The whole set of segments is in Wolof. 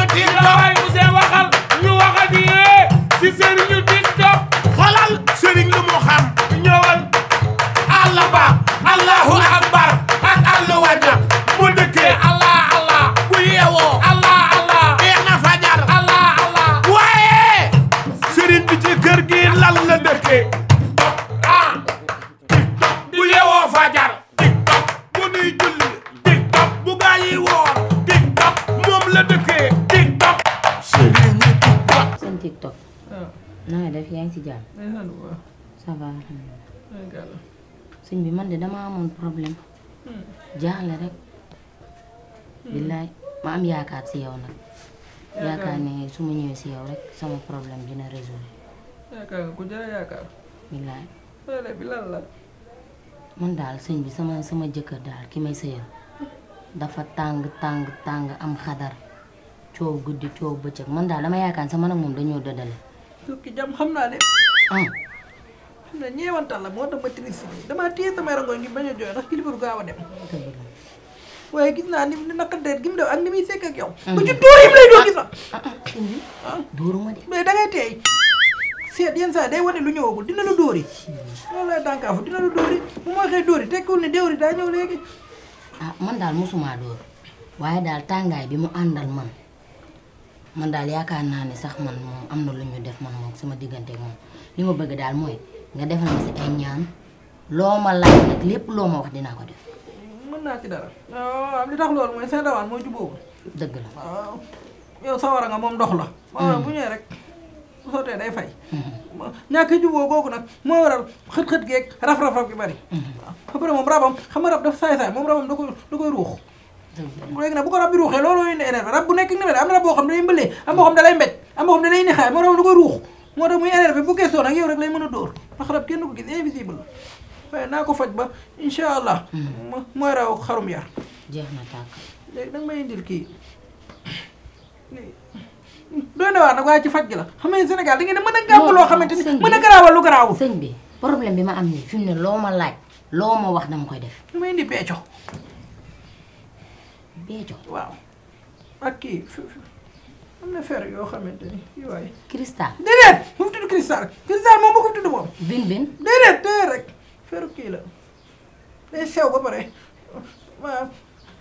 sëriñu TikTok waaye monsieur waxal ñu waxati yee si sëriñu TikTok xolal sëriñ lu mu xam ñëwal allah ba allahu akbar ak allu wàñña mu dëkkee allah allah bu allah allah yee na fajar allah allah waaye sëriñ bi ci kër gi lan la dëkkee ngi ci jàmm. ça eh, va eh, alhamdulilah. sëñ bi man de dama amoon problème. Hmm. jaaxle rek. Hmm. billaay ma ya. am yaakaar si yow nag. yaakaar ne su ma ñëwee si yow rek sama problème dina résoudre. yaakaar nga ku jara yaakaar. billaay. problème bi lan la. man daal sëñ bi sama sama jëkkër daal ki may sëyal dafa tàng tàng tàng am xadar coow guddi coow bëccëg man daal dama yaakaar sama nag moom dañoo dëddale tukki jam xam naa ne ah. xam ne ñeewantal la moo tax ma triste dama téye samay rangoñ ngi bañ a jooy ndax kilifa du gaaw a dem waaye gis naa ni ni naka deet gi mu ak ni muy sekk ak yow ah. bu ci dóor yim lay doo gis ah, na dóoruma de mais da ngay teey seet yenn saa day wane lu ñëwagul dina la dóori loolu lay dànkaafu dina la dóori bu ma waxee dóori tekkiwul ne déwri daa ñëw léegi ah man daal mosuma dóor waaye daal tàngaay bi mu àndal man man daal yaakaar naa sax man moom am na lu ñu def man moom sama diggante moom li bëgg daal mooy nga defal ma si ay ñaan loo ma laaj nag lépp loo ma wax dinaa ko def. mën naa ci dara. waaw oh, li tax loolu mooy seen dawaan mooy jubóobu. dëgg la waaw yow sawara nga moom ndox la. waaw hmm. bu ñëwee rek bu sottee day fay. Hmm. ñàkk a jubóo googu nag moo waral xët-xët geeg raf-raf gi bari. Hmm. waaw ba pare moom rabam xam rab daf saay-saay moom rabam da koy da koy ruux. léegi na bu ko rab bi ruuxee loolu indi énervé rab bu nekk nawet am na boo xam ne day mbëlee am boo xam dalay mbéj am boo xam dalay a dóor ndax rab kenn ko gis la waaye naa ko faj ba incha allah hmm. mooy raw xarum yar jeex na tàkk léegi danga may indil kii ci faj gi la xam nga Sénégal da ngeen mën a loo xamante ni mën a garaawal lu garaawul sëñ bi problème bi ma am nii fi ne loo ma laaj loo ma wax dama koy def damay indi peeco bee jox waaw ak kii am na fer yoo xamante cristal déedéet mu fi cristal cristal moom moo ko fi tudd moom bin bin déedéet déedéet rek feru kii la day sew ba pare waaw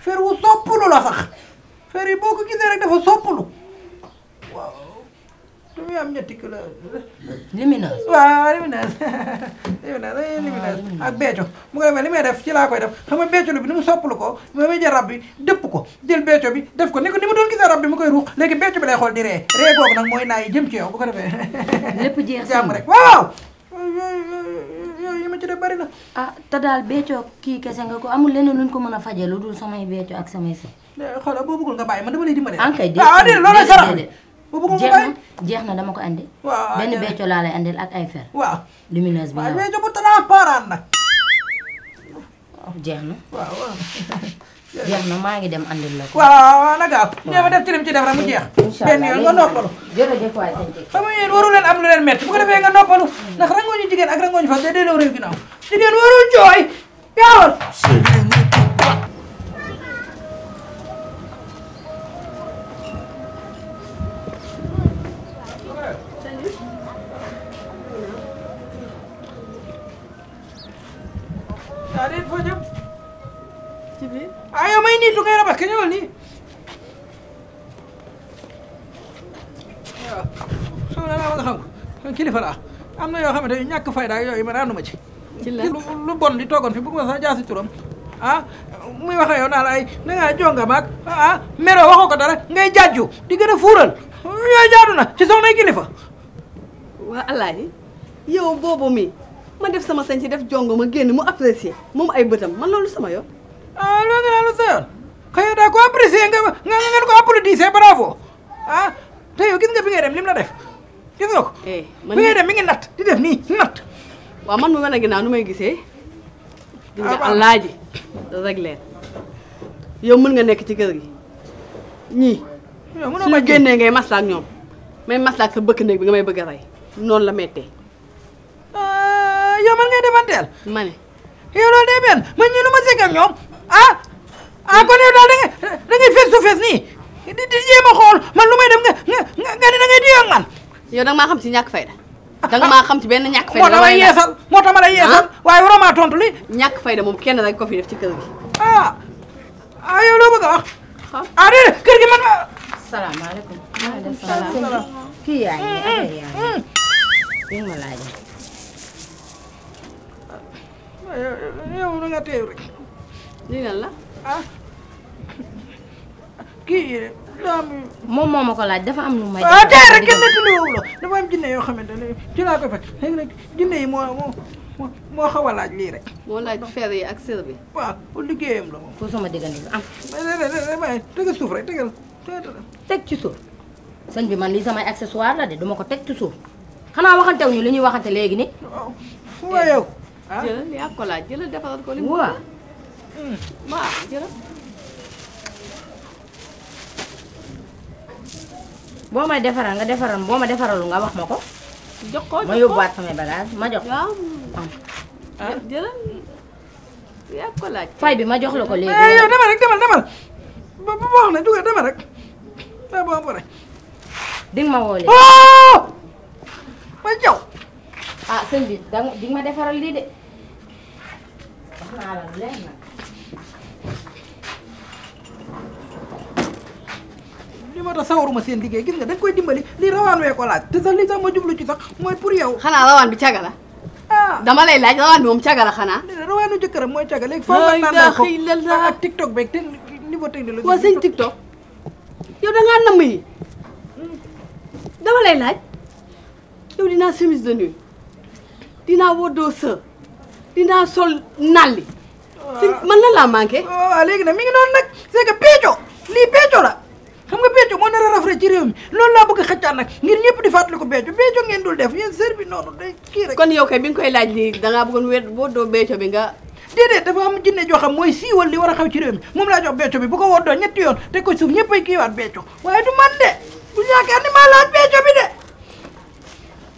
fer wu soppulu la sax fer yi boo ko gisee du muy am ñetti couleur. lumineuse. waaw lumineuse ah, lumineuse ak bécco mu ko defee li may def ci laa koy def xam nga bécco bi ni mu lu ko ma may jël rab bi dëpp ko jël bécco bi def ko ni ko ni doon gisee rab bi mu koy ruux léegi bécco bi lay xool di ree ree googu nag mooy naa yi jëm ci yow bu ko defee. lépp jeex jàmm rek waaw. yooyu yi ma ci def bari na. ah te daal béccoo kii kese nga ko amul leneen luñ ko mën a fajee lu dul samay béccoo ak samay sëy. Eh, xoolal boo bëggul nga bàyyi en tout cas déedéet bu bëgg jeex na dama ko andi. waaw benn bécco laa lay ak ay fer. waaw lumineuse bi nga wax waaw bécco jeex na. jeex na maa ngi dem andil la ko. waaw na gaaw nee ma def ci lim ci def rek mu jeex. incha allah benn yoon nga noppalu. jërëjëf waay sëñ bi. nga waru leen am lu leen métti nga noppalu. ndax rangooñu jigéen ak rangooñu fas day delloo réew ginnaaw. jigéen warul jooy. yaawal. itu kayak apa kayaknya ini sama la wala xam kilifa la am na yoo xamante ne ñàkk fayda yooyu man lu bon di toogoon fi bu ma sax ah muy wax yow naa Nengah jual da ah, ah meroo waxoo ko dara di gën Furan. fuural yooyu jaadu na ci soxna kilifa waa alaaji yow boobu mi def sama sañ def jongo ma génn mu apprécier moom ay bëtam man sama yo? ah loolu nga naa lu sa xëy daa ko apprécier nga nga ngeen ko applaudir bravo ah te yow gis nga bi ngay dem lim la def gis nga ko. Eh, man bi ngay mi ngi natt di def nii natt. waaw man mi ma ne ginnaaw nu may gisee. di ah, nga alaaji rek leen yow mën nga nekk ci kër gi ñii. yow mënoo ma génnee ngay maslaa ak ñoom may maslaa ak sa bëkk néeg bi nga may bëgg rey noonu la mettee. Ah, yow man ngay defanteel. ma ne. yow loolu day benn man nu ma segg ak ñoom ah. ah kon yow daal da ngay da ngay fees su di di jéem a xool man lu may dem nga nga nga ni da ngay diyoog man. yow da nga xam ci ñàkk fayda. da nga maa xam ci benn ñàkk fayda. moo tax ma lay tontu ñàkk fayda moom kenn rek ko fi ci kër gi. ah ah yow loo bëgg a wax. kër gi man ma. kii yaa ngi ak yaa nga teew rek. la. ah kii moom moo ma ko laaj dafa am lu may. ah tey rek kenn tudd la dafa am yoo xamante ne ci laa ko fekk moo xaw a laaj lii rek. moo laaj fer yi ak sër bi. waaw liggéeyam la moom. pour sama diggante bi am. mais tegal teg ci suuf sëñ bi man lii samay accessoire la de duma ko teg ci suuf xanaa waxantew ñu li ñuy waxante léegi ni waaw yow. jëlal yaa ko laaj jëlal defaral ko li mu. Mm. ma boo may defaral nga defaral boo ma defaralu nga wax ma ko. jox ko ma yóbbuwaat samay bagage ma jox. waaw ah. ah. jërëjëf ko laaj. fay bi ma jox la ko léegi. Eh, yow demal rek demal demal na dugal demal rek ba ba pare. di ma woo léegi. Oh! ma jaw. Ah, ma defaral lii de li moo tax sawaruma seen liggéey gis nga dañ koy dimbali li rawaan wee ko laaj te sax li sax ma jublu ci sax mooy pour yow xanaa rawaan bi caga ah. dama lay laaj rawaan bi moom caga la xanaa rawaanu jëkkëram mooy caga léegi foo ah, ah, te niveau technologie waa seen tiktok yow dangaa namm yi hmm. dama lay laaj yow dinaa chemise de nuit dinaa woddoo dinaa sol nalli man lan laa manqué waaw ngi noonu nag c'est que lii pécco la xam nga Béthio moo nar a rafet ci réew mi loolu laa bëgg a xëccaan nag ngir ñëpp di fàttali ko Béthio Béthio ngeen dul def yéen sër noonu day kon yow kay bi nga koy laaj lii dangaa bëggoon wet boo doo Béthio bi nga. déedéet dafa am jinne joo xam mooy siiwal li war a xaw ci réew mi moom laa jox bi bu ko woo doo ñetti yoon te ko suuf ñëppay kiiwaat Béthio waaye du man de bu yaakaar ni maa laaj Béthio bi de.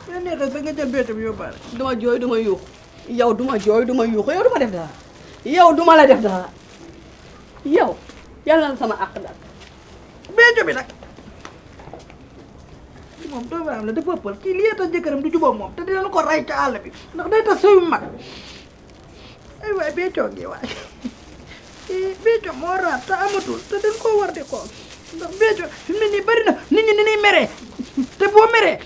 bu la neexee sax nga jël Béthio bi yóbbaale. duma jooy duma yuux yow yow duma def dara yow duma la def dara yow yàlla na sama àq daal भेजो बेटा moom doomu am la dafa ëppal Kili lii tax jëkkëram du jubóo moom te dinañ ko rey ca àll bi ndax day tax suy mag ay waay beccoo ngi waay beccoo moo raar te amatul te dañ koo war di koom ndax beccoo fi mu ne nii bari ni ñuy meree te boo meree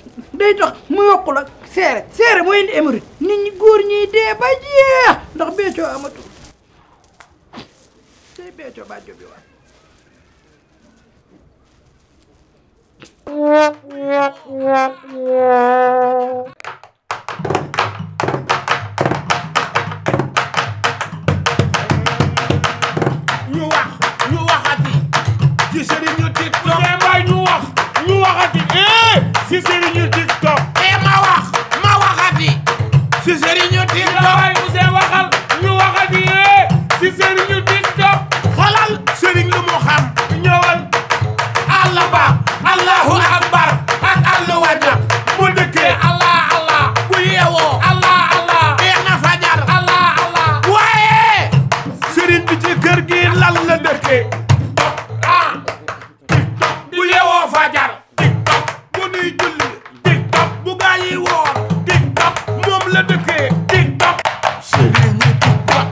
day tax mu ñu wax ñu waxati ci sëriñu TikTok e eh, mbay ñu wax ñu waxati eh, ci sëriñu TikTok e ma wax ma waxati ci sëriñ